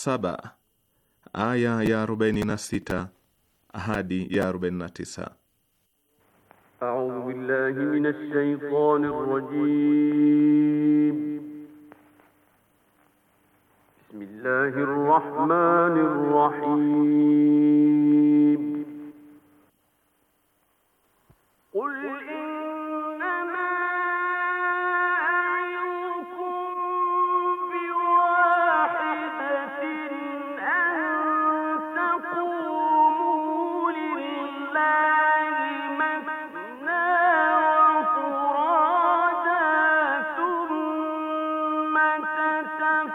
saba aya ya 46 hadi ya 49.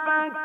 back.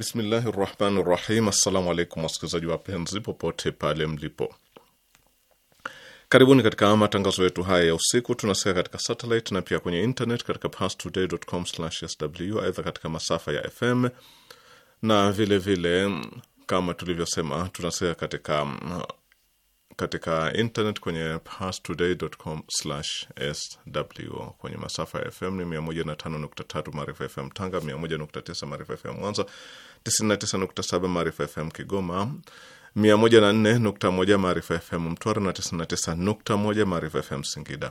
Bismillahi rahmani rahim. Assalamu alaikum wasikilizaji wapenzi popote pale mlipo, karibuni katika matangazo yetu haya ya usiku. Tunasikia katika satellite na pia kwenye internet katika parstoday.com/sw, aidha katika masafa ya FM na vilevile vile, kama tulivyosema tunasikia katika katika internet kwenye pastoday.com/sw, kwenye masafa ya FM ni 105.3 Maarifa FM Tanga, 101.9 Maarifa FM Mwanza, 99.7 Maarifa FM Kigoma, 104.1 Maarifa FM Mtwara na 99.1 Maarifa FM Singida.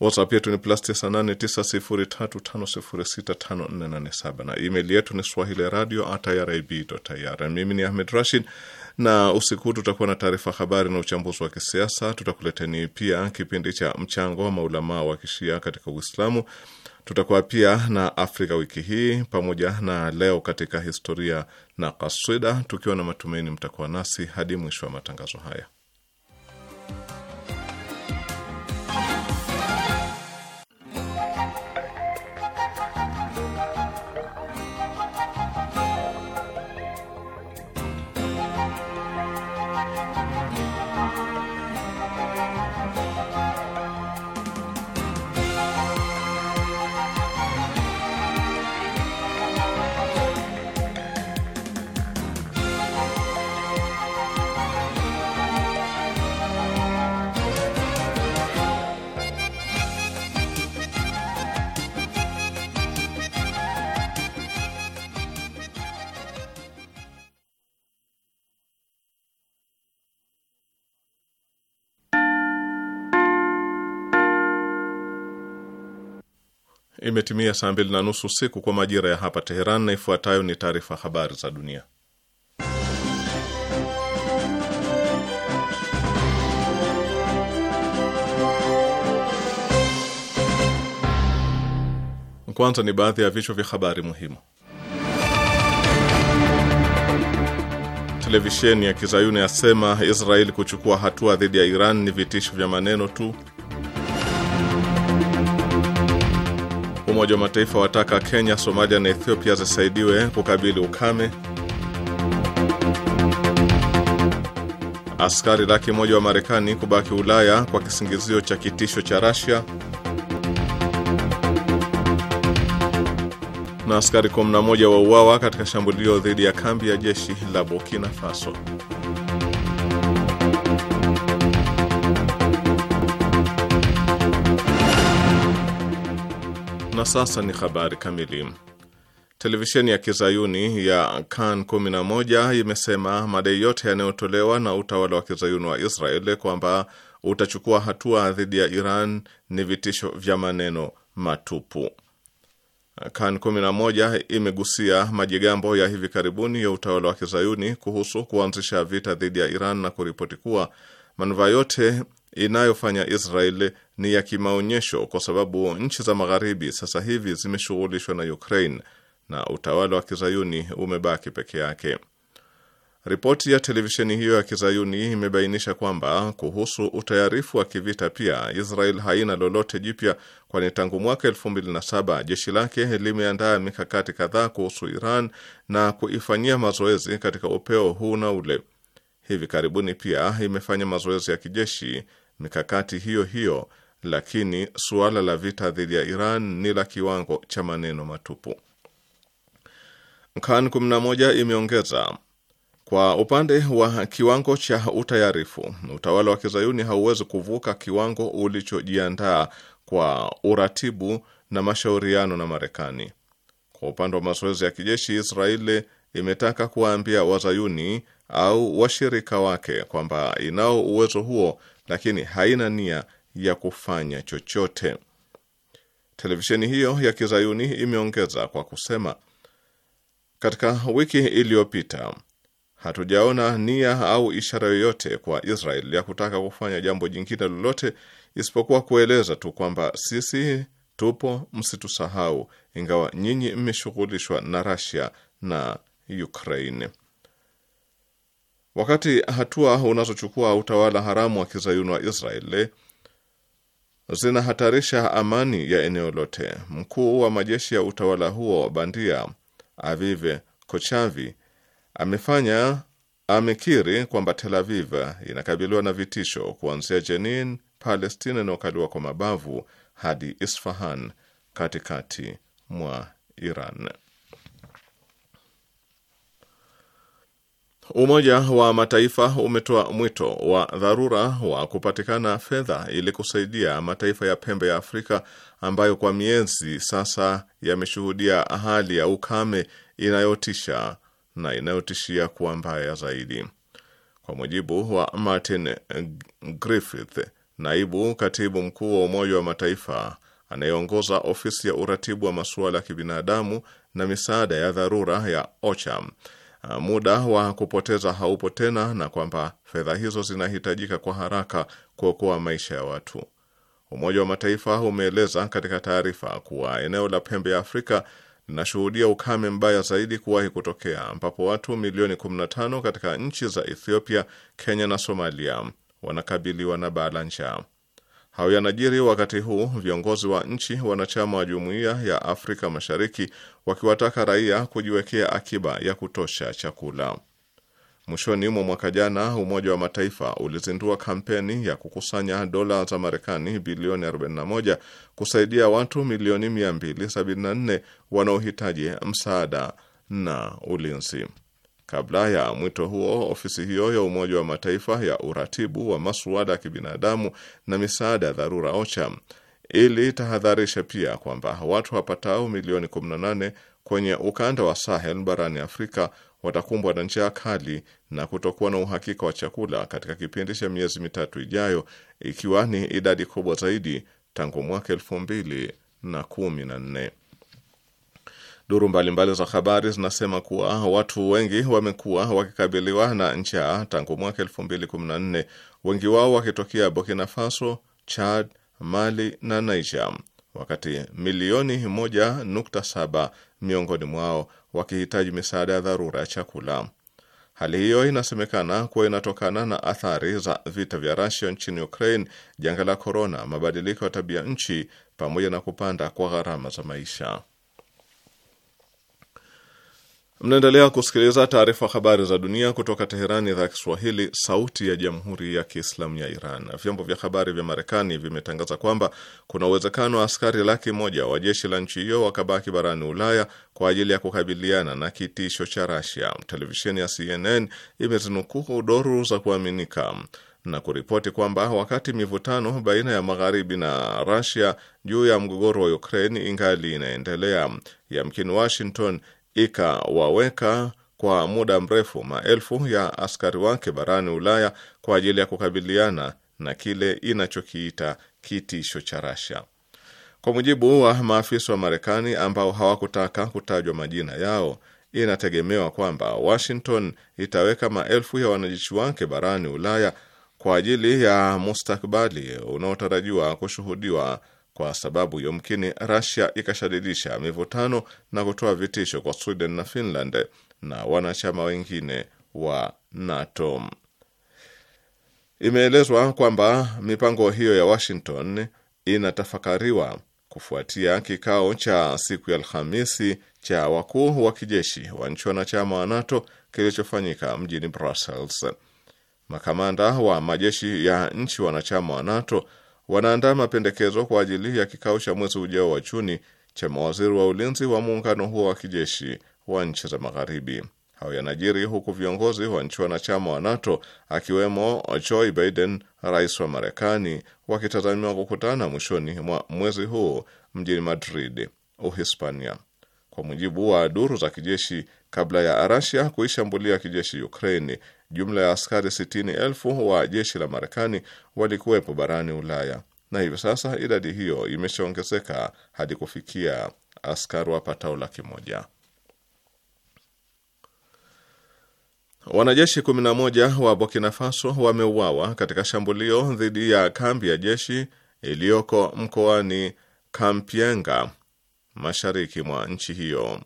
WhatsApp yetu ni plus 989035065487 na email yetu ni swahili radio iribir Mimi ni Ahmed Rashid, na usiku huu tutakuwa na taarifa habari na uchambuzi wa kisiasa. Tutakuleteni pia kipindi cha mchango wa maulamaa wa kishia katika Uislamu. Tutakuwa pia na Afrika wiki hii pamoja na leo katika historia na kaswida, tukiwa na matumaini mtakuwa nasi hadi mwisho wa matangazo haya. Imetimia saa mbili na nusu usiku kwa majira ya hapa Teheran, na ifuatayo ni taarifa habari za dunia. Kwanza ni baadhi ya vichwa vya habari muhimu. Televisheni ya kizayuni yasema Israeli kuchukua hatua dhidi ya Iran ni vitisho vya maneno tu. Umoja wa Mataifa wataka Kenya, Somalia na Ethiopia zisaidiwe kukabili ukame. Askari laki moja wa Marekani kubaki Ulaya kwa kisingizio cha kitisho cha Russia. Na askari 11 uawa katika shambulio dhidi ya kambi ya jeshi la Burkina Faso. sasa ni habari kamili. Televisheni ya kizayuni ya Kan 11 imesema madai yote yanayotolewa na utawala wa kizayuni wa israel kwamba utachukua hatua dhidi ya Iran ni vitisho vya maneno matupu. Kan 11 imegusia majigambo ya hivi karibuni ya utawala wa kizayuni kuhusu kuanzisha vita dhidi ya Iran na kuripoti kuwa manufaa yote inayofanya israel ni ya kimaonyesho kwa sababu nchi za magharibi sasa hivi zimeshughulishwa na Ukraine na utawala wa kizayuni umebaki peke yake. Ripoti ya televisheni hiyo ya kizayuni imebainisha kwamba kuhusu utayarifu wa kivita pia Israel haina lolote jipya, kwani tangu mwaka 2007 jeshi lake limeandaa mikakati kadhaa kuhusu Iran na kuifanyia mazoezi katika upeo huu na ule. Hivi karibuni pia imefanya mazoezi ya kijeshi mikakati hiyo hiyo lakini suala la vita dhidi ya Iran ni la kiwango cha maneno matupu. Kan 11 imeongeza kwa upande wa kiwango cha utayarifu, utawala wa kizayuni hauwezi kuvuka kiwango ulichojiandaa kwa uratibu na mashauriano na Marekani. Kwa upande wa mazoezi ya kijeshi, Israeli imetaka kuwaambia wazayuni au washirika wake kwamba inao uwezo huo, lakini haina nia ya kufanya chochote. Televisheni hiyo ya kizayuni imeongeza kwa kusema, katika wiki iliyopita hatujaona nia au ishara yoyote kwa Israel ya kutaka kufanya jambo jingine lolote isipokuwa kueleza tu kwamba sisi tupo, msitusahau, ingawa nyinyi mmeshughulishwa na Russia na Ukraine. Wakati hatua unazochukua utawala haramu wa kizayuni wa Israel zinahatarisha amani ya eneo lote. Mkuu wa majeshi ya utawala huo wa bandia Avive Kochavi amefanya amekiri kwamba Tel Aviv inakabiliwa na vitisho kuanzia Jenin, Palestina inayokaliwa kwa mabavu hadi Isfahan katikati mwa Iran. Umoja wa Mataifa umetoa mwito wa dharura wa kupatikana fedha ili kusaidia mataifa ya pembe ya Afrika ambayo kwa miezi sasa yameshuhudia hali ya ukame inayotisha na inayotishia kuwa mbaya zaidi. Kwa mujibu wa Martin Griffith, naibu katibu mkuu wa Umoja wa Mataifa anayeongoza ofisi ya uratibu wa masuala ya kibinadamu na misaada ya dharura ya OCHA, Ah, muda wa kupoteza haupo tena na kwamba fedha hizo zinahitajika kwa haraka kuokoa maisha ya watu. Umoja wa Mataifa umeeleza katika taarifa kuwa eneo la pembe ya Afrika linashuhudia ukame mbaya zaidi kuwahi kutokea ambapo watu milioni 15 katika nchi za Ethiopia, Kenya na Somalia wanakabiliwa na la njaa. Hayo yanajiri wakati huu viongozi wa nchi wanachama wa Jumuiya ya Afrika Mashariki wakiwataka raia kujiwekea akiba ya kutosha chakula. Mwishoni mwa mwaka jana, Umoja wa Mataifa ulizindua kampeni ya kukusanya dola za Marekani bilioni 41 kusaidia watu milioni 274 wanaohitaji msaada na ulinzi. Kabla ya mwito huo, ofisi hiyo ya Umoja wa Mataifa ya uratibu wa masuala ya kibinadamu na misaada ya dharura OCHA ili tahadharisha pia kwamba watu wapatao milioni 18 kwenye ukanda wa Sahel barani Afrika watakumbwa na njaa kali na kutokuwa na uhakika wa chakula katika kipindi cha miezi mitatu ijayo, ikiwa ni idadi kubwa zaidi tangu mwaka elfu mbili na kumi na nne. Duru mbalimbali za habari zinasema kuwa watu wengi wamekuwa wakikabiliwa na njaa tangu mwaka nne, wengi wao wakitokea Burkina Faso, Chad, Mali na Niger, wakati milioni saba miongoni mwao wakihitaji misaada ya dharura ya chakula. Hali hiyo inasemekana kuwa inatokana na athari za vita vya rusia nchini Ukraine, janga la korona, mabadiliko ya tabia nchi, pamoja na kupanda kwa gharama za maisha. Mnaendelea kusikiliza taarifa habari za dunia kutoka Teherani, idhaa ya Kiswahili, sauti ya jamhuri ya kiislamu ya Iran. Vyombo vya habari vya Marekani vimetangaza kwamba kuna uwezekano wa askari laki moja wa jeshi la nchi hiyo wakabaki barani Ulaya kwa ajili ya kukabiliana na kitisho cha Rasia. Televisheni ya CNN imezinukuu doru za kuaminika na kuripoti kwamba wakati mivutano baina ya magharibi na rasia juu ya mgogoro wa ukraini ingali inaendelea, yamkini Washington ikawaweka kwa muda mrefu maelfu ya askari wake barani Ulaya kwa ajili ya kukabiliana na kile inachokiita kitisho cha Russia. Kwa mujibu wa maafisa wa Marekani ambao hawakutaka kutajwa majina yao, inategemewa kwamba Washington itaweka maelfu ya wanajeshi wake barani Ulaya kwa ajili ya mustakabali unaotarajiwa kushuhudiwa kwa sababu yomkini rasia ikashadidisha mivutano na kutoa vitisho kwa Sweden na Finland na wanachama wengine wa NATO. Imeelezwa kwamba mipango hiyo ya Washington inatafakariwa kufuatia kikao cha siku ya Alhamisi cha wakuu wa kijeshi wa nchi wanachama wa NATO kilichofanyika mjini Brussels. Makamanda wa majeshi ya nchi wanachama wa NATO wanaandaa mapendekezo kwa ajili ya kikao cha mwezi ujao wa Juni cha mawaziri wa ulinzi wa muungano huo wa kijeshi wa nchi za Magharibi. Hayo yanajiri huku viongozi wa nchi wanachama wa NATO akiwemo Joe Biden, rais wa Marekani, wakitazamiwa kukutana mwishoni mwa mwezi huu mjini Madrid, Uhispania. Kwa mujibu wa duru za kijeshi, kabla ya Rasia kuishambulia kijeshi Ukraini, Jumla ya askari sitini elfu wa jeshi la Marekani walikuwepo barani Ulaya na hivyo sasa idadi hiyo imeshaongezeka hadi kufikia askari wapatao laki moja. Wanajeshi 11 wa Burkina Faso wameuawa katika shambulio dhidi ya kambi ya jeshi iliyoko mkoani Kampienga mashariki mwa nchi hiyo.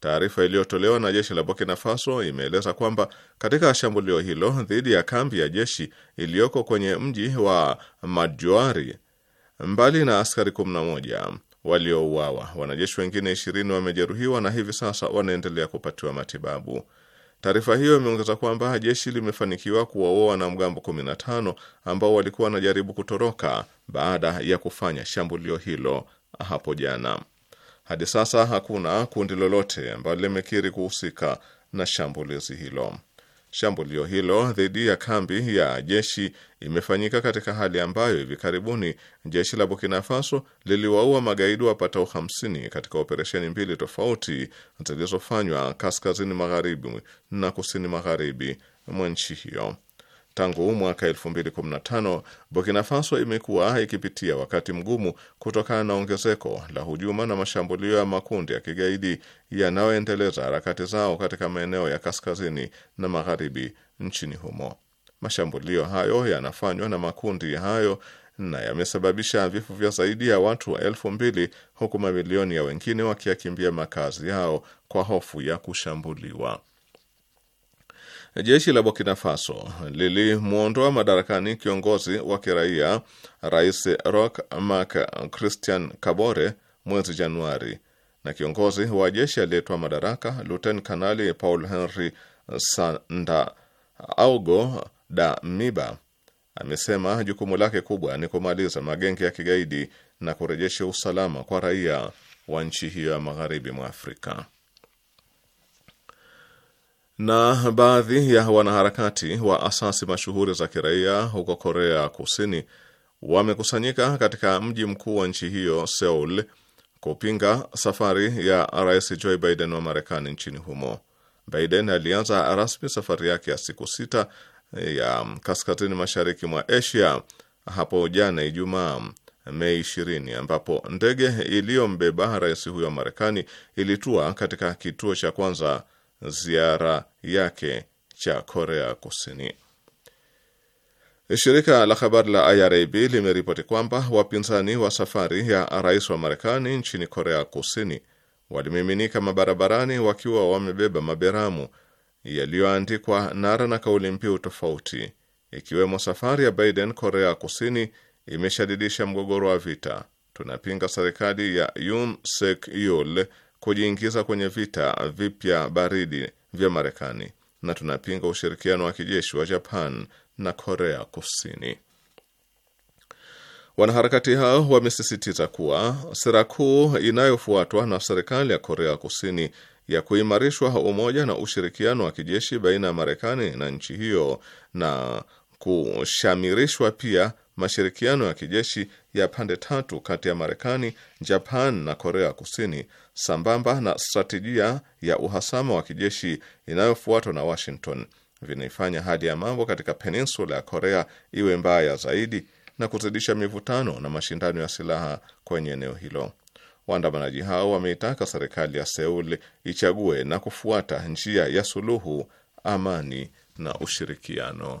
Taarifa iliyotolewa na jeshi la Burkina Faso imeeleza kwamba katika shambulio hilo dhidi ya kambi ya jeshi iliyoko kwenye mji wa Majuari, mbali na askari 11 waliouawa, wanajeshi wengine 20 wamejeruhiwa na hivi sasa wanaendelea kupatiwa matibabu. Taarifa hiyo imeongeza kwamba jeshi limefanikiwa kuwaua wanamgambo 15 ambao walikuwa wanajaribu kutoroka baada ya kufanya shambulio hilo hapo jana. Hadi sasa hakuna kundi lolote ambalo limekiri kuhusika na shambulizi hilo. Shambulio hilo dhidi ya kambi ya jeshi imefanyika katika hali ambayo hivi karibuni jeshi la Burkina Faso liliwaua magaidi wapatao 50 katika operesheni mbili tofauti zilizofanywa kaskazini magharibi na kusini magharibi mwa nchi hiyo. Tangu mwaka 2015 Burkina Faso imekuwa ikipitia wakati mgumu kutokana na ongezeko la hujuma na mashambulio ya makundi ya kigaidi yanayoendeleza harakati zao katika maeneo ya kaskazini na magharibi nchini humo. Mashambulio hayo yanafanywa na makundi hayo na yamesababisha vifo vya zaidi ya watu wa elfu mbili huku mamilioni ya wengine wakiyakimbia makazi yao kwa hofu ya kushambuliwa. Jeshi la Burkina Faso lilimwondoa madarakani kiongozi wa kiraia Rais Roch Marc Christian Kabore mwezi Januari, na kiongozi wa jeshi aliyetoa madaraka Luten Kanali Paul Henri Sandaogo Damiba amesema jukumu lake kubwa ni kumaliza magenge ya kigaidi na kurejesha usalama kwa raia wa nchi hiyo ya magharibi mwa Afrika na baadhi ya wanaharakati wa asasi mashuhuri za kiraia huko Korea Kusini wamekusanyika katika mji mkuu wa nchi hiyo Seoul kupinga safari ya Rais Joe Biden wa Marekani nchini humo. Biden alianza rasmi safari yake ya siku sita ya kaskazini mashariki mwa Asia hapo jana Ijumaa, Mei 20 ambapo ndege iliyombeba rais huyo wa Marekani ilitua katika kituo cha kwanza ziara yake cha Korea Kusini. Shirika la habari la IRIB limeripoti kwamba wapinzani wa safari ya rais wa Marekani nchini Korea Kusini walimiminika mabarabarani wakiwa wamebeba maberamu yaliyoandikwa nara na kauli mbiu tofauti, ikiwemo safari ya Biden Korea Kusini imeshadidisha mgogoro wa vita, tunapinga serikali ya Yoon Suk Yeol kujiingiza kwenye vita vipya baridi vya Marekani na tunapinga ushirikiano wa kijeshi wa Japan na Korea Kusini. Wanaharakati hao wamesisitiza kuwa sera kuu inayofuatwa na serikali ya Korea Kusini ya kuimarishwa umoja na ushirikiano wa kijeshi baina ya Marekani na nchi hiyo na kushamirishwa pia mashirikiano ya kijeshi ya pande tatu kati ya Marekani, Japan na Korea Kusini, sambamba na stratejia ya uhasama wa kijeshi inayofuatwa na Washington vinaifanya hali ya mambo katika peninsula ya Korea iwe mbaya zaidi na kuzidisha mivutano na mashindano ya silaha kwenye eneo hilo. Waandamanaji hao wameitaka serikali ya Seul ichague na kufuata njia ya suluhu, amani na ushirikiano.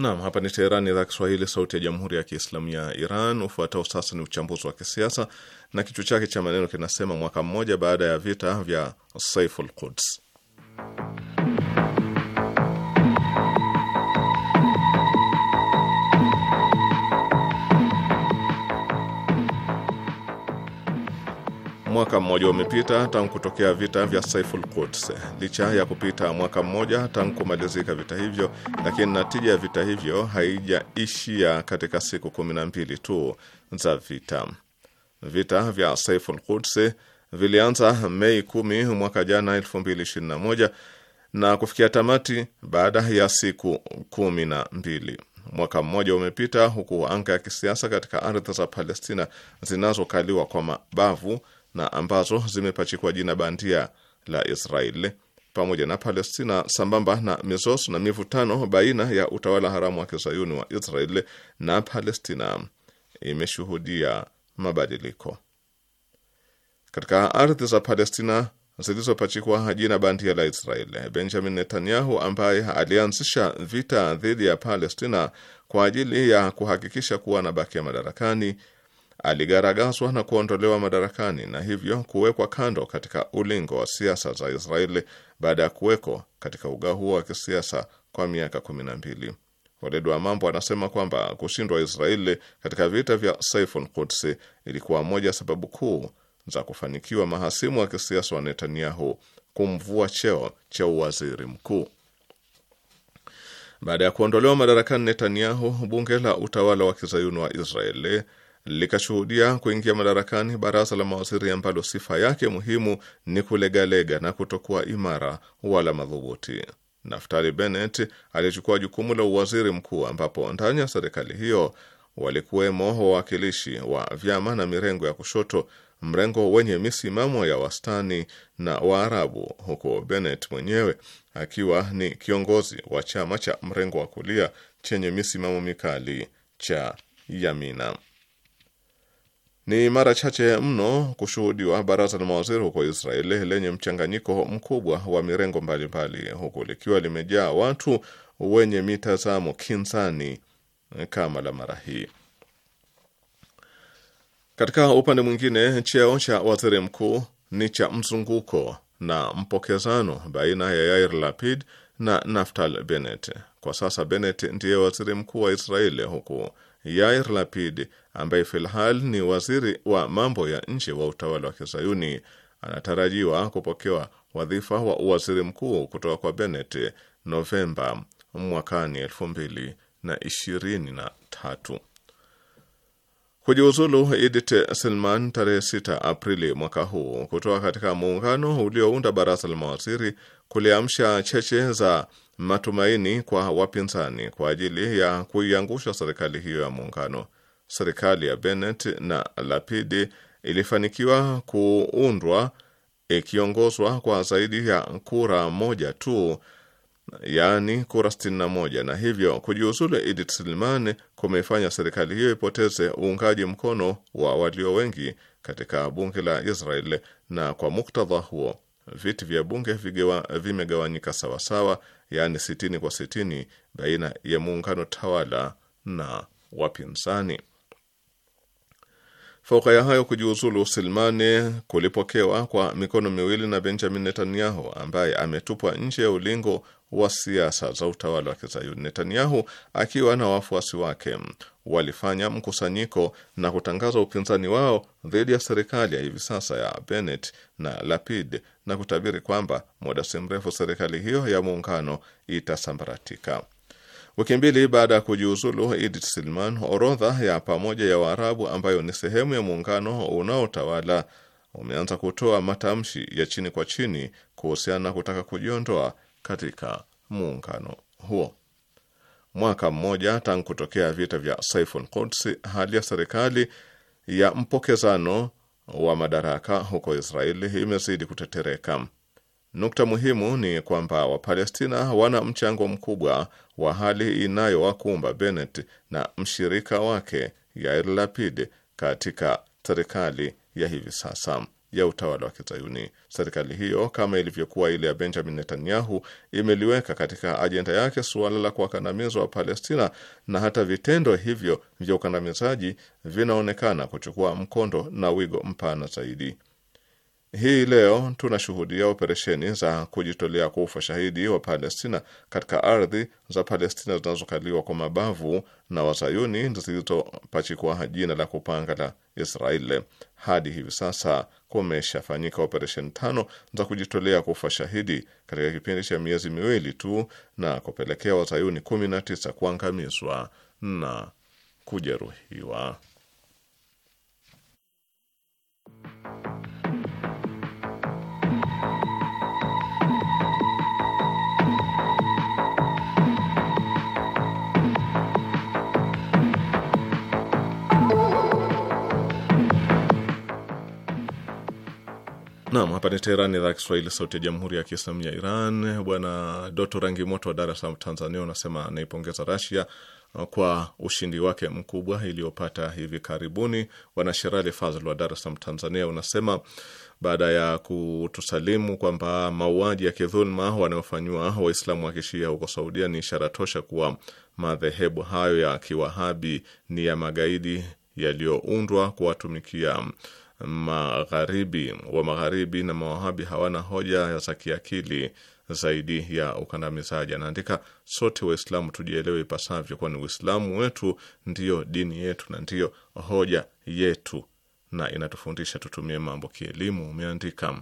Naam, hapa ni Teheran, idhaa Kiswahili, sauti ya jamhuri ya kiislamu ya Iran. Ufuatao sasa ni uchambuzi wa kisiasa na kichwa chake cha maneno kinasema: mwaka mmoja baada ya vita vya Saiful Quds. Mwaka mmoja umepita tangu kutokea vita vya Saiful Quds. Licha ya kupita mwaka mmoja tangu kumalizika vita hivyo, lakini natija ya vita hivyo haijaishia katika siku 12 tu za vita. Vita vya Saiful Quds vilianza Mei 10 mwaka jana 2021 na kufikia tamati baada ya siku kumi na mbili. Mwaka mmoja umepita huku anga ya kisiasa katika ardhi za Palestina zinazokaliwa kwa mabavu na ambazo zimepachikwa jina bandia la Israeli pamoja na Palestina, sambamba na mizozo na mivutano baina ya utawala haramu wa kizayuni wa israel na Palestina imeshuhudia mabadiliko katika ardhi za Palestina zilizopachikwa jina bandia la israel Benjamin Netanyahu ambaye alianzisha vita dhidi ya Palestina kwa ajili ya kuhakikisha kuwa anabakia madarakani aligaragaswa na kuondolewa madarakani na hivyo kuwekwa kando katika ulingo wa siasa za Israeli baada ya kuweko katika uga huo wa kisiasa kwa miaka kumi na mbili. Weledi wa mambo anasema kwamba kushindwa Israeli katika vita vya Saifun Kudsi ilikuwa moja sababu kuu za kufanikiwa mahasimu wa kisiasa wa Netanyahu kumvua cheo cha uwaziri mkuu. Baada ya kuondolewa madarakani Netanyahu, bunge la utawala wa kizayuni wa Israeli likashuhudia kuingia madarakani baraza la mawaziri ambalo sifa yake muhimu ni kulegalega na kutokuwa imara wala madhubuti. Naftali Bennett alichukua jukumu la uwaziri mkuu, ambapo ndani ya serikali hiyo walikuwemo wawakilishi wa vyama na mirengo ya kushoto, mrengo wenye misimamo ya wastani na Waarabu, huku Bennett mwenyewe akiwa ni kiongozi wa chama cha mrengo wa kulia chenye misimamo mikali cha Yamina. Ni mara chache mno kushuhudiwa baraza la mawaziri huko Israeli lenye mchanganyiko mkubwa wa mirengo mbalimbali, huku likiwa limejaa watu wenye mitazamo kinzani kama la mara hii. Katika upande mwingine, cheo cha waziri mkuu ni cha mzunguko na mpokezano baina ya Yair Lapid na Naftali Bennett. Kwa sasa Bennett ndiye waziri mkuu wa Israeli huku Yair Lapid ambaye filhal ni waziri wa mambo ya nje wa utawala wa Kizayuni anatarajiwa kupokewa wadhifa wa uwaziri mkuu kutoka kwa benet Novemba mwakani elfu mbili na ishirini na tatu. Kujiuzulu idit Selman tarehe 6 Aprili mwaka huu kutoka katika muungano uliounda baraza la mawaziri kuliamsha cheche za matumaini kwa wapinzani kwa ajili ya kuiangusha serikali hiyo ya muungano serikali ya Bennett na Lapidi ilifanikiwa kuundwa ikiongozwa kwa zaidi ya kura moja tu, yaani kura 61 na moja, na hivyo kujiuzulu Edith Slimani kumefanya serikali hiyo ipoteze uungaji mkono wa walio wengi katika bunge la Israel, na kwa muktadha huo viti vya bunge vimegawanyika sawasawa, yaani sitini kwa sitini baina ya muungano tawala na wapinzani. Fauka ya hayo, kujiuzulu Silmane kulipokewa kwa mikono miwili na Benjamin Netanyahu ambaye ametupwa nje ya ulingo wa siasa za utawala wa Kizayuni. Netanyahu akiwa na wafuasi wake walifanya mkusanyiko na kutangaza upinzani wao dhidi ya serikali ya hivi sasa ya Bennett na Lapid na kutabiri kwamba muda si mrefu serikali hiyo ya muungano itasambaratika. Wiki mbili baada ya kujiuzulu Idi Silman, orodha ya pamoja ya Waarabu ambayo ni sehemu ya muungano unaotawala umeanza kutoa matamshi ya chini kwa chini kuhusiana na kutaka kujiondoa katika muungano huo. Mwaka mmoja tangu kutokea vita vya Saiful Quds, hali ya serikali ya mpokezano wa madaraka huko Israeli imezidi kutetereka. Nukta muhimu ni kwamba Wapalestina wana mchango mkubwa wa hali inayowakumba Bennett na mshirika wake Yair Lapid katika serikali ya hivi sasa ya utawala wa Kizayuni. Serikali hiyo kama ilivyokuwa ile ya Benjamin Netanyahu imeliweka katika ajenda yake suala la kuwakandamizwa wapalestina na hata vitendo hivyo vya ukandamizaji vinaonekana kuchukua mkondo na wigo mpana zaidi. Hii leo tunashuhudia operesheni za kujitolea kufa shahidi wa Palestina katika ardhi za Palestina zinazokaliwa kwa mabavu na wazayuni zilizopachikwa jina la kupanga la Israeli. Hadi hivi sasa kumeshafanyika operesheni tano za kujitolea kufa shahidi katika kipindi cha miezi miwili tu na kupelekea wazayuni 19 kuangamizwa na kujeruhiwa. Naam, hapa ni Teherani, idhaa ya Kiswahili, sauti ya jamhuri ya kiislamu ya Iran. Bwana Doto Rangi Moto wa Dar es Salaam, Tanzania, unasema anaipongeza Rasia kwa ushindi wake mkubwa iliyopata hivi karibuni. Bwana Sherali Fazl wa Dar es Salaam, Tanzania, unasema baada ya kutusalimu kwamba mauaji ya kidhulma wanayofanyiwa Waislamu wa kishia huko Saudia ni ishara tosha kuwa madhehebu hayo ya kiwahabi ni ya magaidi yaliyoundwa kuwatumikia magharibi wa magharibi na mawahabi hawana hoja za kiakili zaidi ya ukandamizaji. Anaandika, sote Waislamu tujielewe ipasavyo, kwani Uislamu wetu ndiyo dini yetu na ndiyo hoja yetu na inatufundisha tutumie mambo kielimu. Umeandika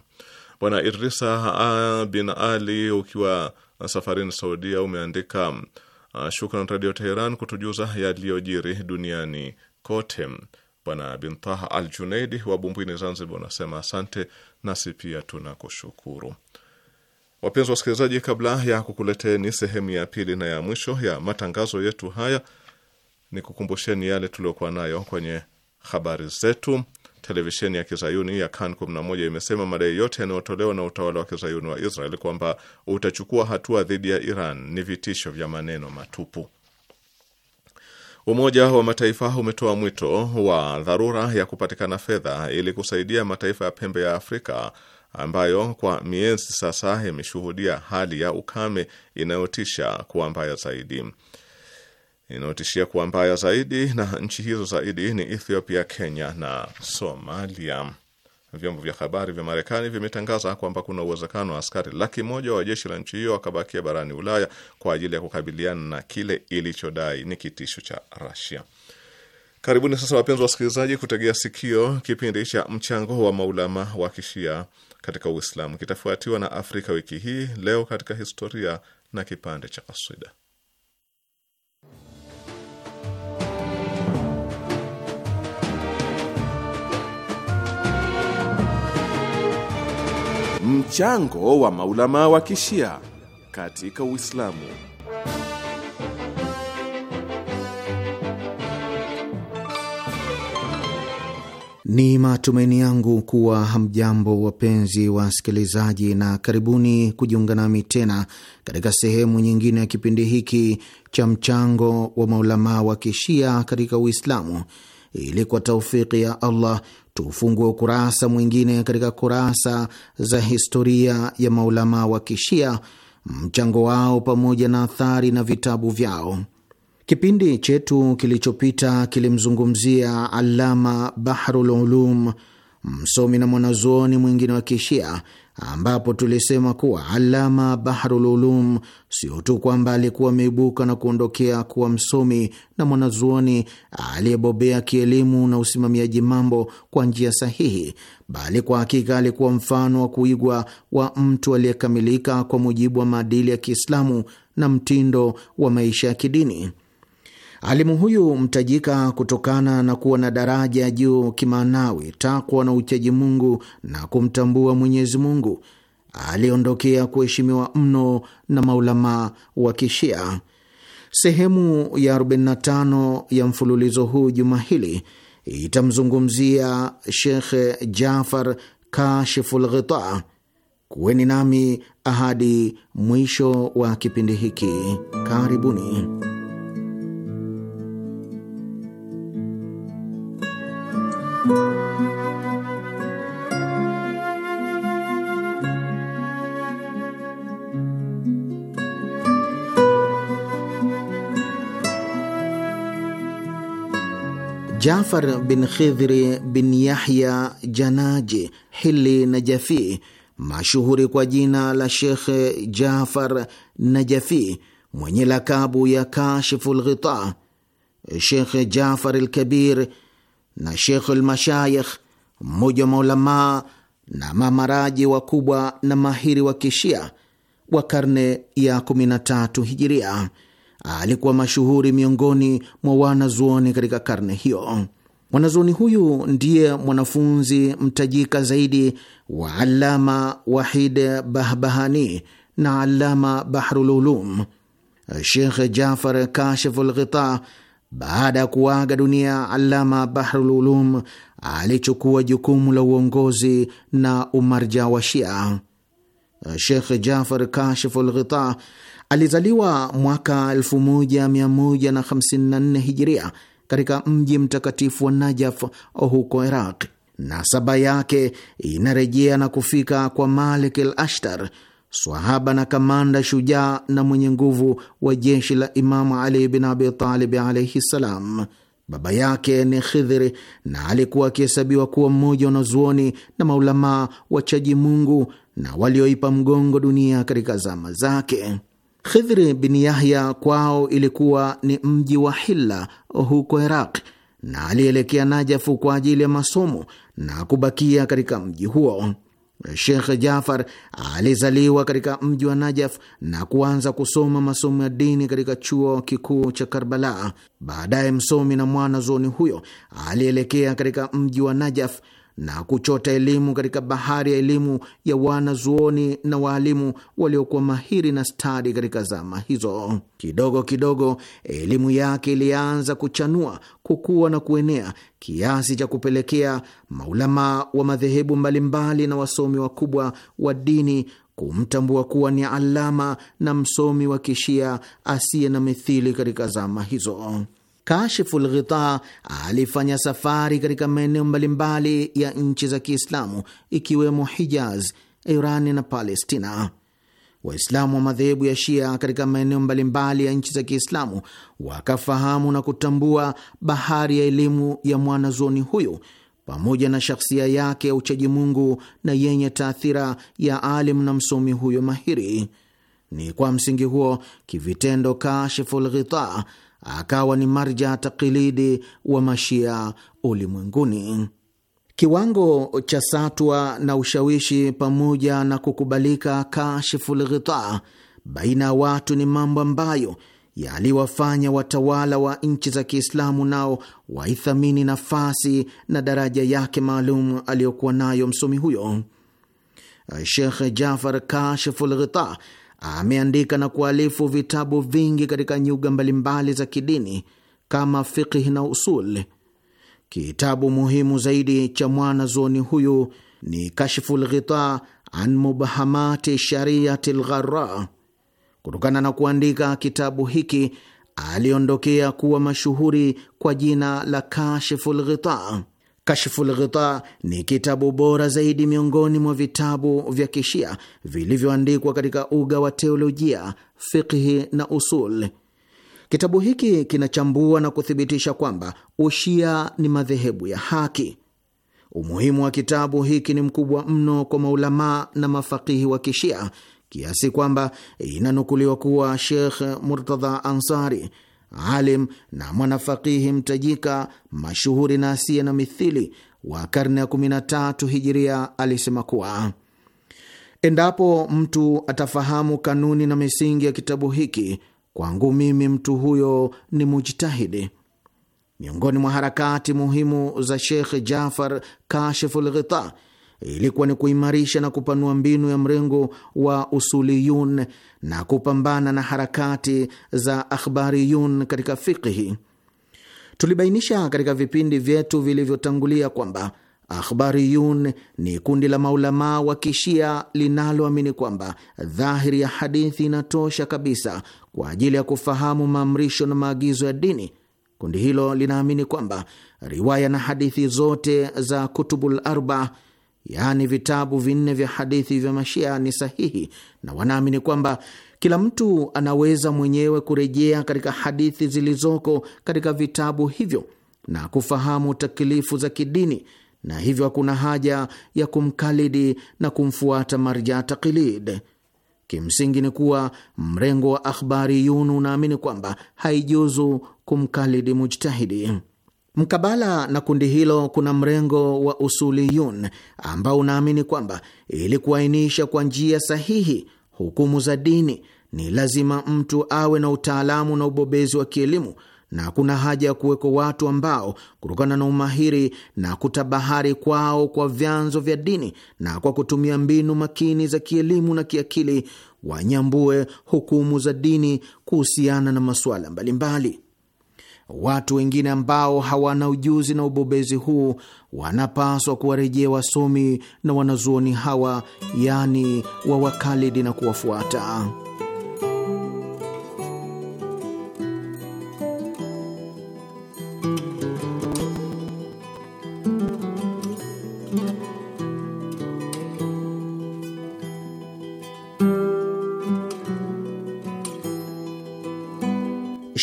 Bwana Idrisa bin Ali ukiwa safarini Saudia, umeandika shukran Radio Teheran kutujuza yaliyojiri duniani kote. Bwana Bintaha Al Junaidi wa Bumbwini, Zanzibar, unasema asante, nasi pia tuna kushukuru Wapenzi wasikilizaji, kabla ya kukuleteni sehemu ya pili na ya mwisho ya matangazo yetu haya, ni kukumbusheni yale tuliokuwa nayo kwenye habari zetu. Televisheni ya kizayuni ya Kan 11 imesema madai yote yanayotolewa na utawala wa kizayuni wa Israel kwamba utachukua hatua dhidi ya Iran ni vitisho vya maneno matupu. Umoja wa Mataifa umetoa mwito wa dharura ya kupatikana fedha ili kusaidia mataifa ya pembe ya Afrika ambayo kwa miezi sasa yameshuhudia hali ya ukame inayotisha kuwa mbaya zaidi inayotishia kuwa mbaya zaidi, na nchi hizo zaidi ni Ethiopia, Kenya na Somalia. Vyombo vya habari vya Marekani vimetangaza kwamba kuna uwezekano wa askari laki moja wa jeshi la nchi hiyo wakabakia barani Ulaya kwa ajili ya kukabiliana na kile ilichodai ni kitisho cha Rasia. Karibuni sasa, wapenzi wasikilizaji, kutegea sikio kipindi cha mchango wa maulama wa kishia katika Uislamu, kitafuatiwa na Afrika wiki hii, leo katika historia na kipande cha kaswida. Mchango wa maulama wa kishia katika Uislamu. Ni matumaini yangu kuwa hamjambo wapenzi wa wasikilizaji, na karibuni kujiunga nami tena katika sehemu nyingine ya kipindi hiki cha mchango wa maulamaa wa kishia katika Uislamu, ili kwa taufiki ya Allah tufungue ukurasa mwingine katika kurasa za historia ya maulamaa wa Kishia, mchango wao pamoja na athari na vitabu vyao. Kipindi chetu kilichopita kilimzungumzia Alama Bahrul Ulum, msomi na mwanazuoni mwingine wa Kishia ambapo tulisema kuwa Alama Bahrul Ulum sio tu kwamba alikuwa ameibuka na kuondokea kuwa msomi na mwanazuoni aliyebobea kielimu na usimamiaji mambo kwa njia sahihi, bali kwa hakika alikuwa mfano wa kuigwa wa mtu aliyekamilika kwa mujibu wa maadili ya Kiislamu na mtindo wa maisha ya kidini. Alimu huyu mtajika kutokana na kuwa na daraja ya juu kimaanawi, takwa na uchaji Mungu na kumtambua Mwenyezi Mungu, aliondokea kuheshimiwa mno na maulamaa wa Kishia. Sehemu ya 45 ya mfululizo huu juma hili itamzungumzia Shekh Jafar Kashiful Ghita. Kuweni nami ahadi mwisho wa kipindi hiki. Karibuni. Jafar bin Khidhri bin Yahya Janaji Hili Najafi, mashuhuri kwa jina la Shekhe Jafar Najafi, mwenye lakabu ya Kashifu Lghita, Shekhe Jafar Lkabir na Shekh Lmashayikh, mmoja wa maulamaa na mamaraji wakubwa na mahiri wa kishia wa karne ya 13 hijiria alikuwa mashuhuri miongoni mwa wanazuoni katika karne hiyo. Mwanazuoni huyu ndiye mwanafunzi mtajika zaidi wa Alama Wahid Bahbahani na Alama Bahrul Ulum. Shekh Jafar Kashiful Ghita, baada ya kuaga dunia Alama Bahrul Ulum, alichukua jukumu la uongozi na umarja wa Shia. Shekh Jafar Kashiful Ghita Alizaliwa mwaka 1154 hijiria katika mji mtakatifu wa Najaf huko Iraq. Nasaba yake inarejea na kufika kwa Malik al Ashtar, swahaba na kamanda shujaa na mwenye nguvu wa jeshi la Imamu Ali bin abitalibi alaihi ssalam. Baba yake ni Khidhiri na alikuwa akihesabiwa kuwa mmoja wanazuoni na maulamaa wachaji Mungu na walioipa mgongo dunia katika zama zake. Khidhri bin Yahya kwao ilikuwa ni mji wa Hilla huko Iraq, na alielekea Najafu kwa ajili ya masomo na kubakia katika mji huo. shekh Jafar alizaliwa katika mji wa Najaf na kuanza kusoma masomo ya dini katika chuo kikuu cha Karbala. Baadaye msomi na mwana zoni huyo alielekea katika mji wa Najaf na kuchota elimu katika bahari ya elimu ya wanazuoni na waalimu waliokuwa mahiri na stadi katika zama hizo. Kidogo kidogo elimu yake ilianza kuchanua, kukua na kuenea kiasi cha kupelekea maulamaa wa madhehebu mbalimbali na wasomi wakubwa wa dini kumtambua kuwa ni alama na msomi wa kishia asiye na mithili katika zama hizo. Kashiful Ghita alifanya safari katika maeneo mbalimbali ya nchi za Kiislamu ikiwemo Hijaz, Irani na Palestina. Waislamu wa madhehebu ya Shia katika maeneo mbalimbali ya nchi za Kiislamu wakafahamu na kutambua bahari ya elimu ya mwanazuoni huyu pamoja na shakhsia yake ya uchaji Mungu na yenye taathira ya alim na msomi huyo mahiri. Ni kwa msingi huo kivitendo Kashiful Ghita akawa ni marja taklidi wa mashia ulimwenguni. Kiwango cha satwa na ushawishi pamoja na kukubalika kashiful ghita baina ya watu ni mambo ambayo yaliwafanya watawala wa nchi za Kiislamu nao waithamini nafasi na daraja yake maalum aliyokuwa nayo msomi huyo Shekh Jafar Kashiful Ghita ameandika na kualifu vitabu vingi katika nyuga mbalimbali za kidini kama fiqh na usul. Kitabu muhimu zaidi cha mwana zoni huyu ni Kashfu lghita an mubhamati shariati lgharra Kutokana na kuandika kitabu hiki aliondokea kuwa mashuhuri kwa jina la Kashfu lghita. Kashful Ghita ni kitabu bora zaidi miongoni mwa vitabu vya kishia vilivyoandikwa katika uga wa teolojia, fikhi na usul. Kitabu hiki kinachambua na kuthibitisha kwamba ushia ni madhehebu ya haki. Umuhimu wa kitabu hiki ni mkubwa mno kwa maulamaa na mafakihi wa kishia kiasi kwamba inanukuliwa kuwa Shekh Murtadha Ansari alim na mwanafakihi mtajika mashuhuri na asiye na mithili wa karne ya 13 hijiria, alisema kuwa endapo mtu atafahamu kanuni na misingi ya kitabu hiki, kwangu mimi mtu huyo ni mujtahidi. Miongoni mwa harakati muhimu za Sheikh Jafar Kashiful Ghita ilikuwa ni kuimarisha na kupanua mbinu ya mrengo wa usuliyun na kupambana na harakati za akhbariyun katika fiqhi. Tulibainisha katika vipindi vyetu vilivyotangulia kwamba akhbariyun ni kundi la maulamaa wa kishia linaloamini kwamba dhahiri ya hadithi inatosha kabisa kwa ajili ya kufahamu maamrisho na maagizo ya dini. Kundi hilo linaamini kwamba riwaya na hadithi zote za kutubul arba yaani vitabu vinne vya hadithi vya Mashia ni sahihi, na wanaamini kwamba kila mtu anaweza mwenyewe kurejea katika hadithi zilizoko katika vitabu hivyo na kufahamu takilifu za kidini, na hivyo hakuna haja ya kumkalidi na kumfuata marja taklid. Kimsingi ni kuwa mrengo wa akhbari yunu unaamini kwamba haijuzu kumkalidi mujtahidi. Mkabala na kundi hilo kuna mrengo wa usuliyun ambao unaamini kwamba ili kuainisha kwa njia sahihi hukumu za dini ni lazima mtu awe na utaalamu na ubobezi wa kielimu, na kuna haja ya kuweko watu ambao kutokana na umahiri na kutabahari kwao kwa vyanzo vya dini na kwa kutumia mbinu makini za kielimu na kiakili wanyambue hukumu za dini kuhusiana na masuala mbalimbali. Watu wengine ambao hawana ujuzi na ubobezi huu wanapaswa kuwarejea wasomi na wanazuoni hawa, yaani Wawakalidi, na kuwafuata.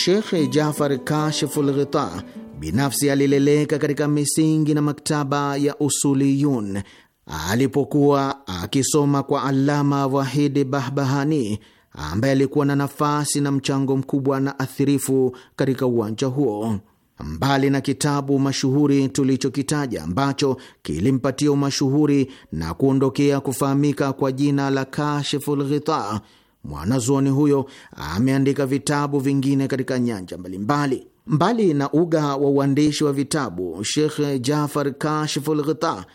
Shekhe Jafar Kashiful Ghita binafsi alileleka katika misingi na maktaba ya usuliyun alipokuwa akisoma kwa Alama Wahidi Bahbahani ambaye alikuwa na nafasi na mchango mkubwa na athirifu katika uwanja huo. Mbali na kitabu mashuhuri tulichokitaja ambacho kilimpatia umashuhuri na kuondokea kufahamika kwa jina la Kashiful Ghita, Mwanazuoni huyo ameandika vitabu vingine katika nyanja mbalimbali. Mbali na uga wa uandishi wa vitabu, Shekh Jafar Kashiful Ghita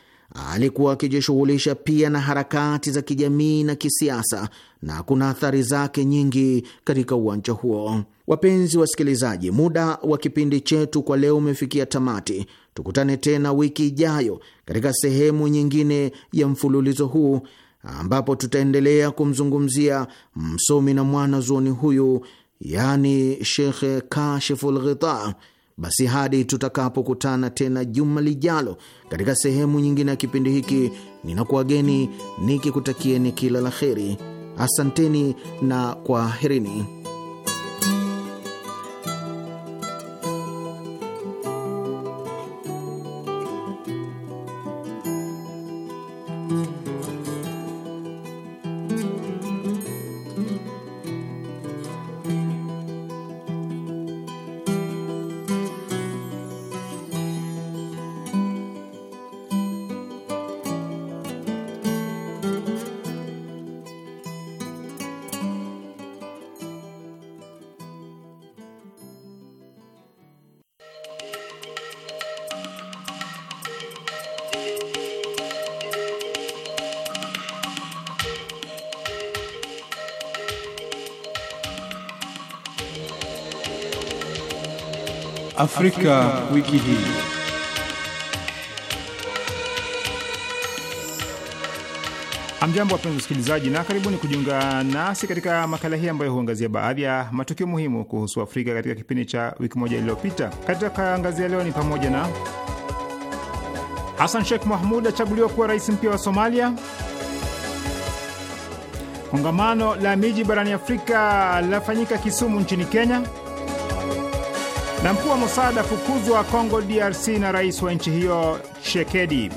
alikuwa akijishughulisha pia na harakati za kijamii na kisiasa na kuna athari zake nyingi katika uwanja huo. Wapenzi wasikilizaji, muda wa kipindi chetu kwa leo umefikia tamati. Tukutane tena wiki ijayo katika sehemu nyingine ya mfululizo huu ambapo tutaendelea kumzungumzia msomi na mwana zuoni huyu, yani Shekhe Kashiful Ghita. Basi hadi tutakapokutana tena juma lijalo katika sehemu nyingine ya kipindi hiki, ninakuwageni nikikutakieni kila la kheri. Asanteni na kwaherini. Afrika, wiki hii. amjambo wapenzi wasikilizaji, na karibuni kujiunga nasi katika makala hii ambayo huangazia baadhi ya matukio muhimu kuhusu Afrika katika kipindi cha wiki moja iliyopita. Katika kaangazia leo ni pamoja na Hassan Sheikh Mahmud achaguliwa kuwa rais mpya wa Somalia, kongamano la miji barani Afrika lafanyika Kisumu nchini Kenya na mkuu wa Mosad afukuzwa Kongo DRC na rais wa nchi hiyo shekedi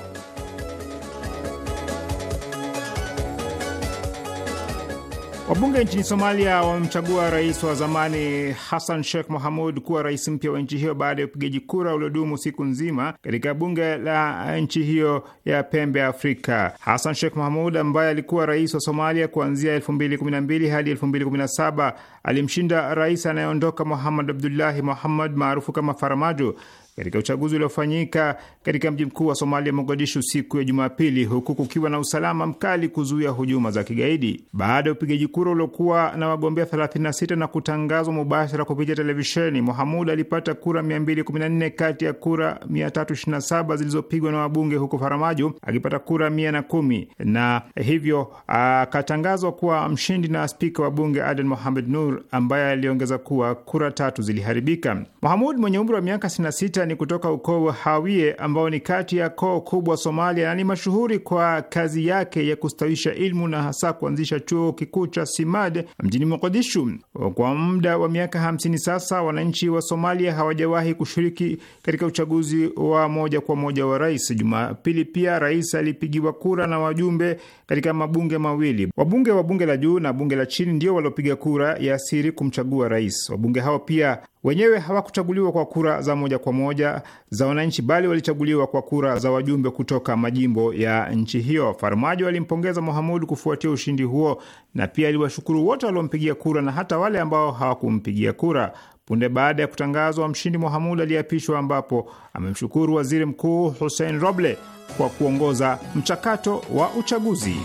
Wabunge nchini Somalia wamemchagua rais wa zamani Hassan Sheikh Mohamud kuwa rais mpya wa nchi hiyo baada ya upigaji kura uliodumu siku nzima katika bunge la nchi hiyo ya pembe ya Afrika. Hassan Sheikh Mohamud ambaye alikuwa rais wa Somalia kuanzia 2012 hadi 2017 alimshinda rais anayeondoka Mohamed Abdullahi Mohamed maarufu kama Faramajo katika uchaguzi uliofanyika katika mji mkuu wa Somalia, Mogadishu, siku ya Jumapili, huku kukiwa na usalama mkali kuzuia hujuma za kigaidi. Baada ya upigaji kura uliokuwa na wagombea 36 na kutangazwa mubashara kupitia televisheni, Muhamud alipata kura 214 kati ya kura 327 zilizopigwa na wabunge, huku faramaju akipata kura 110 na hivyo akatangazwa kuwa mshindi na spika wa bunge Aden Mohamed Nur ambaye aliongeza kuwa kura tatu ziliharibika. Muhamud mwenye umri wa miaka 66 sita ni kutoka ukoo wa Hawiye ambao ni kati ya koo kubwa Somalia na ni mashuhuri kwa kazi yake ya kustawisha ilmu na hasa kuanzisha chuo kikuu cha Simad mjini Mogadishu. Kwa muda wa miaka hamsini sasa, wananchi wa Somalia hawajawahi kushiriki katika uchaguzi wa moja kwa moja wa rais. Jumapili pia rais alipigiwa kura na wajumbe katika mabunge mawili. Wabunge wa bunge la juu na bunge la chini ndio waliopiga kura ya siri kumchagua rais. Wabunge hao pia wenyewe hawakuchaguliwa kwa kura za moja kwa moja moja za wananchi, bali walichaguliwa kwa kura za wajumbe kutoka majimbo ya nchi hiyo. Farmajo alimpongeza Mohamud kufuatia ushindi huo na pia aliwashukuru wote waliompigia kura na hata wale ambao hawakumpigia kura. Punde baada ya kutangazwa mshindi, Mohamud aliapishwa, ambapo amemshukuru waziri mkuu Hussein Roble kwa kuongoza mchakato wa uchaguzi.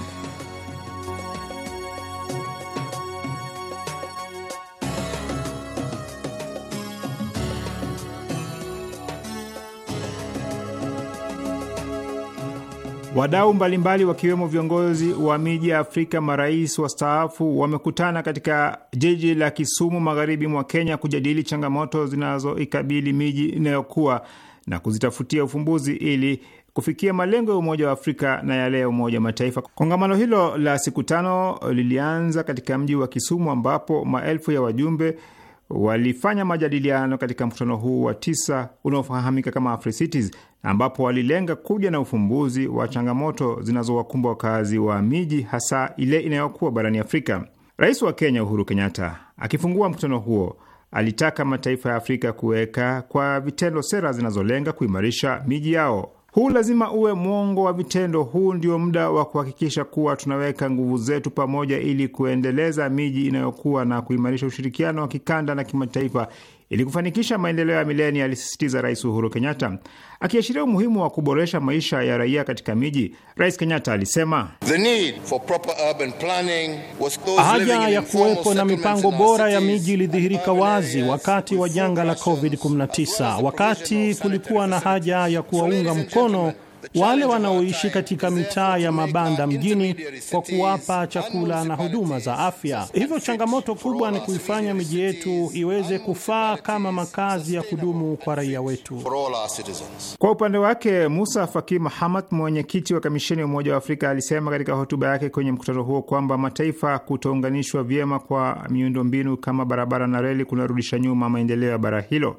Wadau mbalimbali wakiwemo viongozi wa miji ya Afrika, marais wastaafu wamekutana katika jiji la Kisumu magharibi mwa Kenya kujadili changamoto zinazoikabili miji inayokuwa na kuzitafutia ufumbuzi ili kufikia malengo ya Umoja wa Afrika na yale ya Umoja wa Mataifa. Kongamano hilo la siku tano lilianza katika mji wa Kisumu ambapo maelfu ya wajumbe walifanya majadiliano katika mkutano huu wa tisa unaofahamika kama AfriCities, ambapo walilenga kuja na ufumbuzi wa changamoto zinazowakumba wakazi wa miji, hasa ile inayokuwa barani Afrika. Rais wa Kenya Uhuru Kenyatta akifungua mkutano huo alitaka mataifa ya Afrika kuweka kwa vitendo sera zinazolenga kuimarisha miji yao. Huu lazima uwe mwongo wa vitendo. Huu ndio muda wa kuhakikisha kuwa tunaweka nguvu zetu pamoja ili kuendeleza miji inayokuwa na kuimarisha ushirikiano wa kikanda na kimataifa ili kufanikisha maendeleo ya milenia, alisisitiza Rais Uhuru Kenyatta. Akiashiria umuhimu wa kuboresha maisha ya raia katika miji, Rais Kenyatta alisema haja ya kuwepo na mipango bora ya miji ilidhihirika wazi wakati wa janga la COVID-19, wakati kulikuwa na haja ya kuwaunga mkono wale wanaoishi katika mitaa ya mabanda mjini kwa kuwapa chakula na huduma za afya. Hivyo changamoto kubwa ni kuifanya miji yetu iweze kufaa kama makazi ya kudumu kwa raia wetu. Kwa upande wake, Musa Faki Mahamad, mwenyekiti wa kamisheni ya Umoja wa Afrika, alisema katika hotuba yake kwenye mkutano huo kwamba mataifa kutounganishwa vyema kwa miundombinu kama barabara na reli kunarudisha nyuma maendeleo ya bara hilo.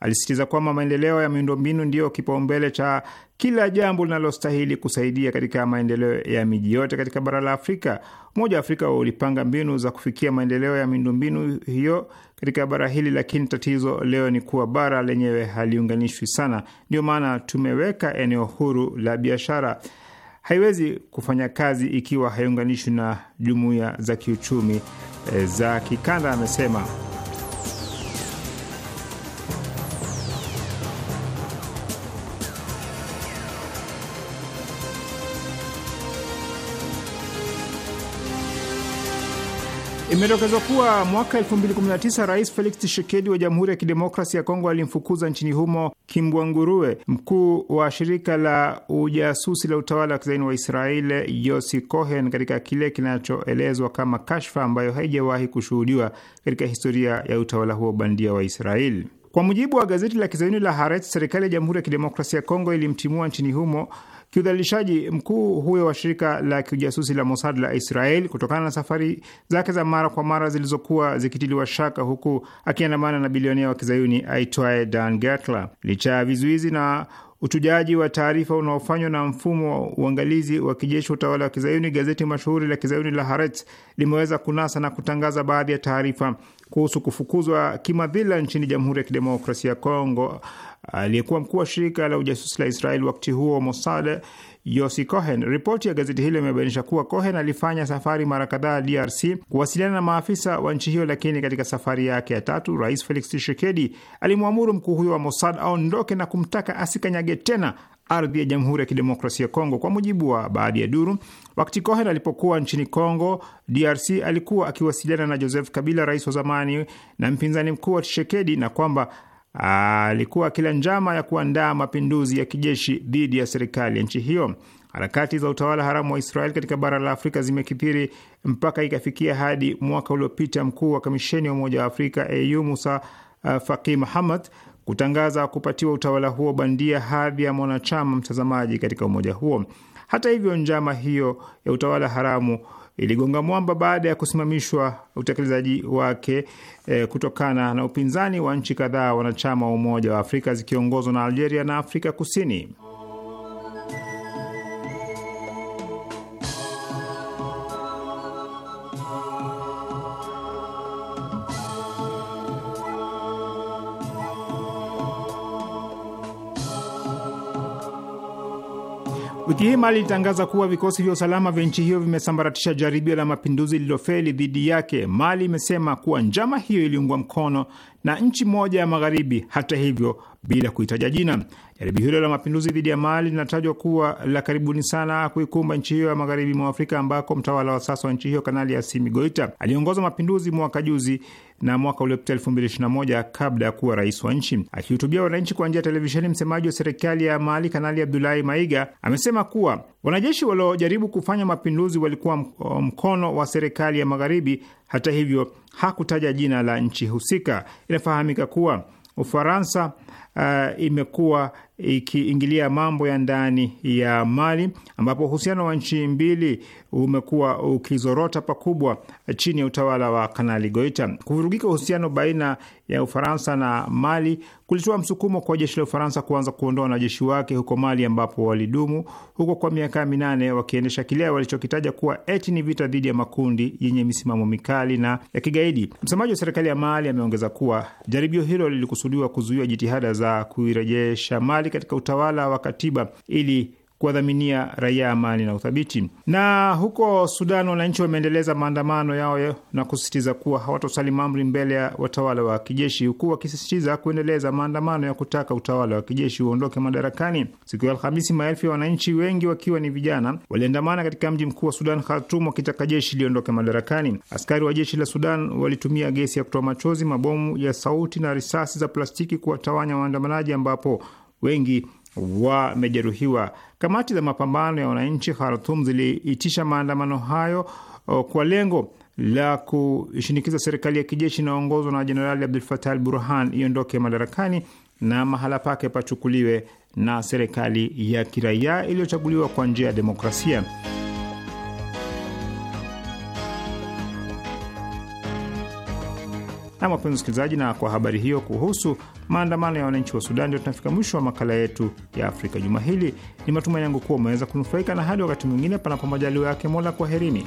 Alisisitiza kwamba maendeleo ya miundombinu ndiyo kipaumbele cha kila jambo linalostahili kusaidia katika maendeleo ya miji yote katika bara la Afrika. Umoja wa Afrika ulipanga mbinu za kufikia maendeleo ya miundombinu hiyo katika bara hili, lakini tatizo leo ni kuwa bara lenyewe haliunganishwi sana. Ndio maana tumeweka eneo huru la biashara, haiwezi kufanya kazi ikiwa haiunganishwi na jumuiya za kiuchumi eh, za kikanda, amesema. Imedokezwa kuwa mwaka 2019 Rais Felix Tshisekedi wa Jamhuri ya Kidemokrasi ya Kongo alimfukuza nchini humo kimbwangurue mkuu wa shirika la ujasusi la utawala wa kizaini wa Israeli Yossi Cohen, katika kile kinachoelezwa kama kashfa ambayo haijawahi kushuhudiwa katika historia ya utawala huo bandia wa Israeli. Kwa mujibu wa gazeti la kizaini la Haaretz, serikali ya Jamhuri ya Kidemokrasia ya Kongo ilimtimua nchini humo Kiudhalilishaji mkuu huyo wa shirika la kijasusi la Mossad la Israel kutokana na safari zake za mara kwa mara zilizokuwa zikitiliwa shaka, huku akiandamana na bilionea wa kizayuni aitwaye Dan Gatla. Licha ya vizuizi na uchujaji wa taarifa unaofanywa na mfumo wa uangalizi wa kijeshi wa utawala wa kizayuni, gazeti mashuhuri la kizayuni la Haaretz limeweza kunasa na kutangaza baadhi ya taarifa kuhusu kufukuzwa kimadhila nchini Jamhuri ya Kidemokrasia ya Kongo aliyekuwa mkuu wa shirika la ujasusi la Israel wakati huo Mossad, Yossi Cohen. Ripoti ya gazeti hilo imebainisha kuwa Cohen alifanya safari mara kadhaa DRC kuwasiliana na maafisa wa nchi hiyo, lakini katika safari yake ya tatu, Rais Felix Tshisekedi alimwamuru mkuu huyo wa Mossad aondoke na kumtaka asikanyage tena ardhi ya Jamhuri ya Kidemokrasia ya Kongo. Kwa mujibu wa baadhi ya duru, wakati Cohen alipokuwa nchini Kongo DRC alikuwa akiwasiliana na Joseph Kabila, rais wa zamani na mpinzani mkuu wa Tshisekedi, na kwamba alikuwa kila njama ya kuandaa mapinduzi ya kijeshi dhidi ya serikali ya nchi hiyo. Harakati za utawala haramu wa Israel katika bara la Afrika zimekithiri mpaka ikafikia hadi mwaka uliopita mkuu wa kamisheni ya Umoja wa Afrika AU Musa uh, Faki Muhammad kutangaza kupatiwa utawala huo bandia hadhi ya mwanachama mtazamaji katika umoja huo. Hata hivyo, njama hiyo ya utawala haramu iligonga mwamba baada ya kusimamishwa utekelezaji wake e, kutokana na upinzani wa nchi kadhaa wanachama wa Umoja wa Afrika zikiongozwa na Algeria na Afrika Kusini. Wiki hii Mali ilitangaza kuwa vikosi vya usalama vya nchi hiyo vimesambaratisha jaribio la mapinduzi lililofeli dhidi yake. Mali imesema kuwa njama hiyo iliungwa mkono na nchi moja ya magharibi, hata hivyo bila kuitaja jina. Jaribio hilo la mapinduzi dhidi ya Mali linatajwa kuwa la karibuni sana kuikumba nchi hiyo ya magharibi mwa Afrika, ambako mtawala wa sasa wa nchi hiyo Kanali Asimi Goita aliongoza mapinduzi mwaka juzi na mwaka uliopita moja kabla ya kuwa rais wa nchi. Akihutubia wananchi kwa njia ya televisheni, msemaji wa serikali ya Mali Kanali Abdulahi Maiga amesema kuwa wanajeshi waliojaribu kufanya mapinduzi walikuwa mkono wa serikali ya magharibi. Hata hivyo hakutaja jina la nchi husika. Inafahamika kuwa Ufaransa uh, imekuwa ikiingilia mambo ya ndani ya Mali ambapo uhusiano wa nchi mbili umekuwa ukizorota pakubwa chini ya utawala wa Kanali Goita. Kuvurugika uhusiano baina ya Ufaransa na Mali kulitoa msukumo kwa jeshi la Ufaransa kuanza kuondoa wanajeshi wake huko Mali, ambapo walidumu huko kwa miaka minane wakiendesha kile walichokitaja kuwa eti ni vita dhidi ya makundi yenye misimamo mikali na ya kigaidi. Msemaji wa serikali ya Mali ameongeza kuwa jaribio hilo lilikusudiwa kuzuia jitihada za kuirejesha Mali serikali katika utawala wa katiba ili kuwadhaminia raia amani na uthabiti. Na huko Sudan, wananchi wameendeleza maandamano yao na kusisitiza kuwa hawatosali amri mbele ya watawala wa kijeshi, huku wakisisitiza kuendeleza maandamano ya kutaka utawala wa kijeshi uondoke madarakani. Siku ya Alhamisi, maelfu ya wananchi, wengi wakiwa ni vijana, waliandamana katika mji mkuu wa Sudan, Khartum, wakitaka jeshi liondoke madarakani. Askari wa jeshi la Sudan walitumia gesi ya kutoa machozi, mabomu ya sauti na risasi za plastiki kuwatawanya waandamanaji, ambapo wengi wamejeruhiwa. Kamati za mapambano ya wananchi Khartum ziliitisha maandamano hayo kwa lengo la kushinikiza serikali ya kijeshi inayoongozwa na Jenerali Abdul Fatah al Burhan iondoke madarakani na mahala pake pachukuliwe na serikali ya kiraia iliyochaguliwa kwa njia ya demokrasia. Na wapenzi wasikilizaji, na kwa habari hiyo kuhusu maandamano ya wananchi wa Sudan, ndio tunafika mwisho wa makala yetu ya Afrika juma hili. Ni matumaini yangu kuwa umeweza kunufaika, na hadi wakati mwingine, panapo majaliwa yake Mola, kwaherini.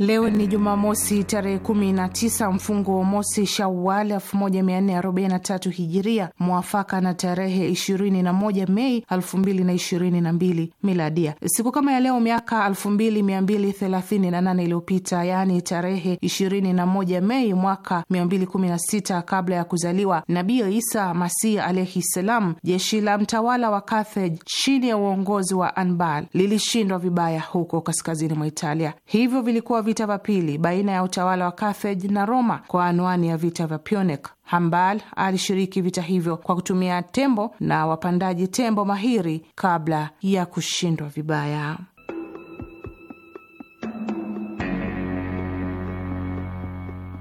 Leo ni Jumamosi tarehe 19 mfungo mosi Shawal 1443 hijiria mwafaka na tarehe 21 Mei 2022 miladia. Siku kama ya leo miaka 2238 iliyopita, yaani tarehe 21 Mei mwaka 216 kabla ya kuzaliwa Nabii Isa Masih alaihi ssalam, jeshi la mtawala wa Carthage chini ya uongozi wa Anbal lilishindwa vibaya huko kaskazini mwa Italia, hivyo vilikuwa vita vya pili baina ya utawala wa Carthage na Roma kwa anwani ya vita vya Punic. hambal alishiriki vita hivyo kwa kutumia tembo na wapandaji tembo mahiri kabla ya kushindwa vibaya.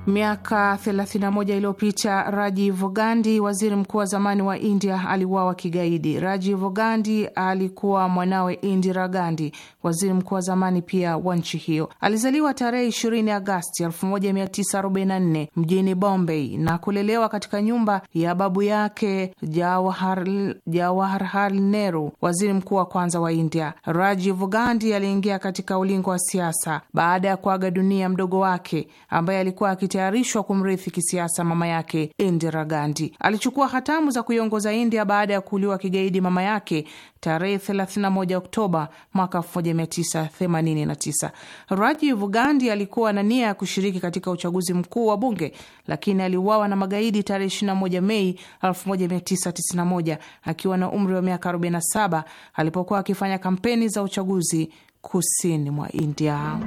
Miaka 31 iliyopita Rajiv Gandhi, waziri mkuu wa zamani wa India, aliuawa kigaidi. Rajiv Gandhi alikuwa mwanawe Indira Gandhi, waziri mkuu wa zamani pia wa nchi hiyo. Alizaliwa tarehe 20 Agasti 1944 mjini Bombay na kulelewa katika nyumba ya babu yake Jawaharlal Jawahar Nehru, waziri mkuu wa kwanza wa India. Rajiv Gandhi aliingia katika ulingo wa siasa baada ya kuaga dunia mdogo wake ambaye alikuwa akite akitayarishwa kumrithi kisiasa mama yake Indira Gandhi. Alichukua hatamu za kuiongoza India baada ya kuuliwa kigaidi mama yake tarehe 31 Oktoba mwaka 1989. Rajiv Gandhi alikuwa na nia ya kushiriki katika uchaguzi mkuu wa bunge, lakini aliuawa na magaidi tarehe 21 Mei 1991 akiwa na umri wa miaka 47 alipokuwa akifanya kampeni za uchaguzi kusini mwa India.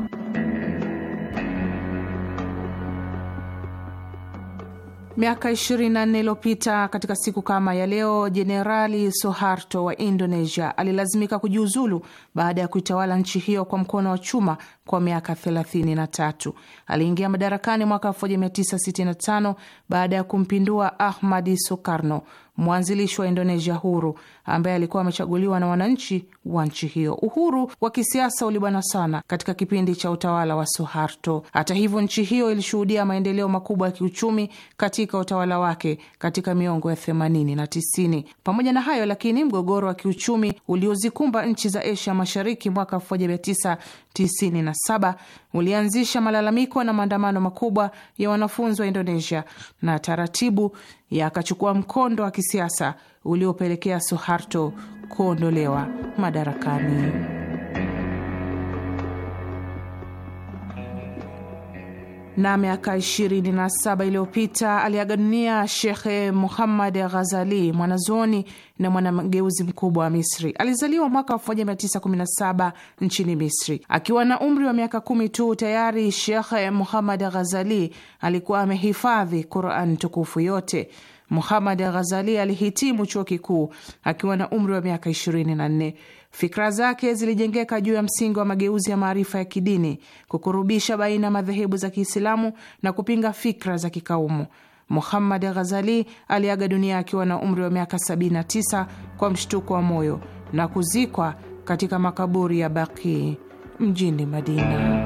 Miaka 24 iliyopita katika siku kama ya leo, Jenerali soharto wa Indonesia alilazimika kujiuzulu baada ya kuitawala nchi hiyo kwa mkono wa chuma kwa miaka 33. Aliingia madarakani mwaka 1965 baada ya kumpindua Ahmadi Sukarno, mwanzilishi wa Indonesia huru ambaye alikuwa amechaguliwa na wananchi wa nchi hiyo. Uhuru wa kisiasa ulibana sana katika kipindi cha utawala wa Suharto. Hata hivyo, nchi hiyo ilishuhudia maendeleo makubwa ya kiuchumi katika utawala wake katika miongo ya themanini na tisini. Pamoja na hayo lakini, mgogoro wa kiuchumi uliozikumba nchi za Asia Mashariki mwaka 19 97 ulianzisha malalamiko na maandamano makubwa ya wanafunzi wa Indonesia na taratibu yakachukua mkondo wa kisiasa uliopelekea Suharto kuondolewa madarakani. na miaka 27 iliyopita aliaga dunia Shekhe Muhammad Ghazali, mwanazuoni na mwanageuzi mkubwa wa Misri. Alizaliwa mwaka 1917 nchini Misri. Akiwa na umri wa miaka kumi tu tayari Shekhe Muhammad Ghazali alikuwa amehifadhi Quran tukufu yote. Muhammad Ghazali alihitimu chuo kikuu akiwa na umri wa miaka 24. Fikra zake zilijengeka juu ya msingi wa mageuzi ya maarifa ya kidini, kukurubisha baina ya madhehebu za Kiislamu na kupinga fikra za kikaumu. Muhammad Ghazali aliaga dunia akiwa na umri wa miaka 79 kwa mshtuko wa moyo na kuzikwa katika makaburi ya Baqi mjini Madina.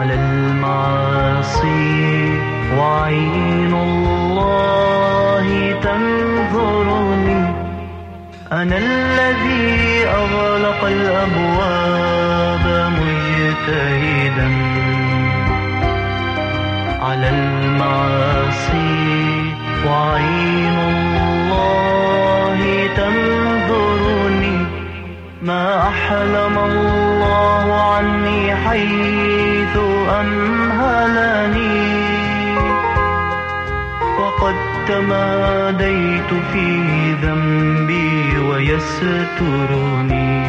على المعاصي وعين الله تنظرني أنا الذي أغلق الأبواب مجتهدا على المعاصي وعين الله تنظرني ما أحلم الله عني حي أمهلني وقد تماديت في ذنبي ويسترني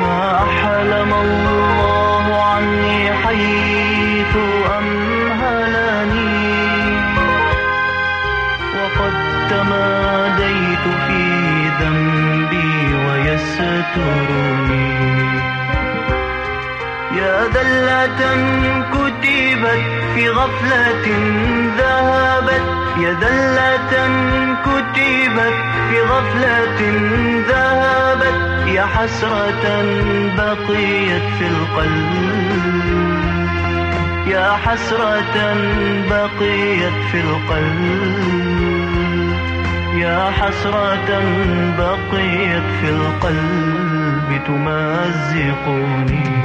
ما أحلم الله عني حيث أمهلني وقد تماديت في ذنبي ويسترني يا ذلة كتبت في غفلة ذهبت يا ذلة كتبت في غفلة ذهبت يا حسرة بقيت في القلب يا حسرة بقيت في القلب يا حسرة بقيت في القلب تمزقني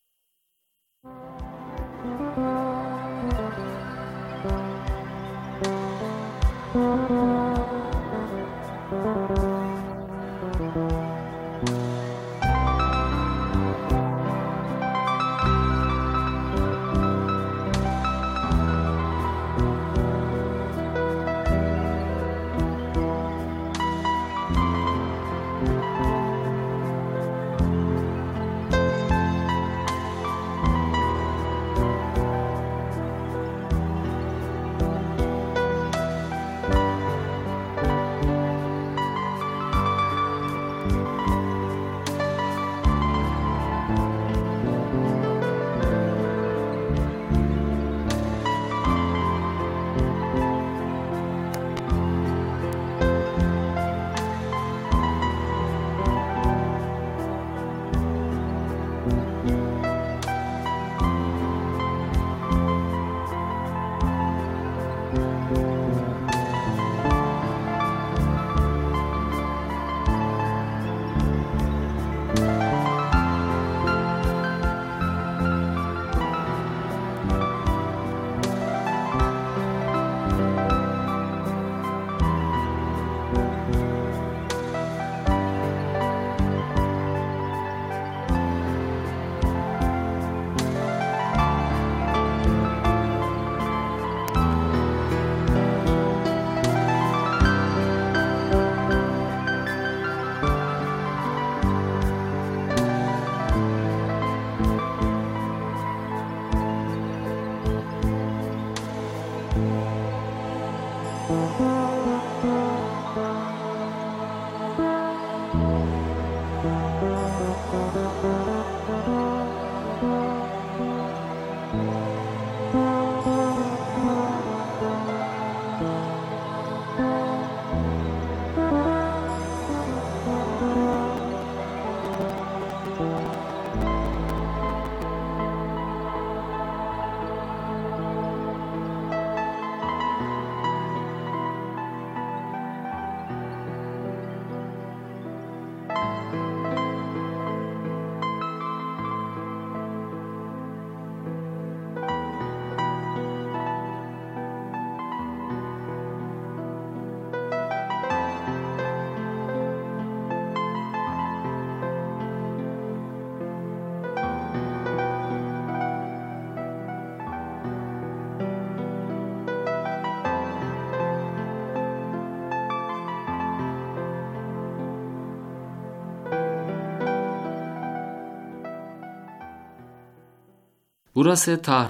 Burası Tahran.